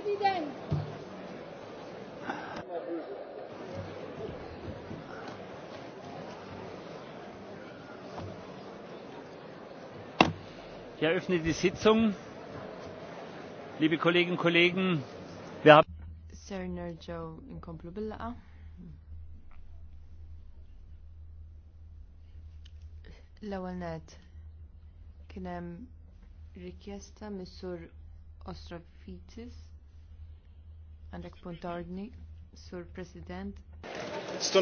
President. Ich eröffne die Sitzung. Liebe Kolleginnen und Kollegen, wir haben. Sir Nerjo, in Komplubilla. laqa L-ewwel net kien hemm rikjesta mis-sur Ostrofitis Għandek punt ordni, Sur President.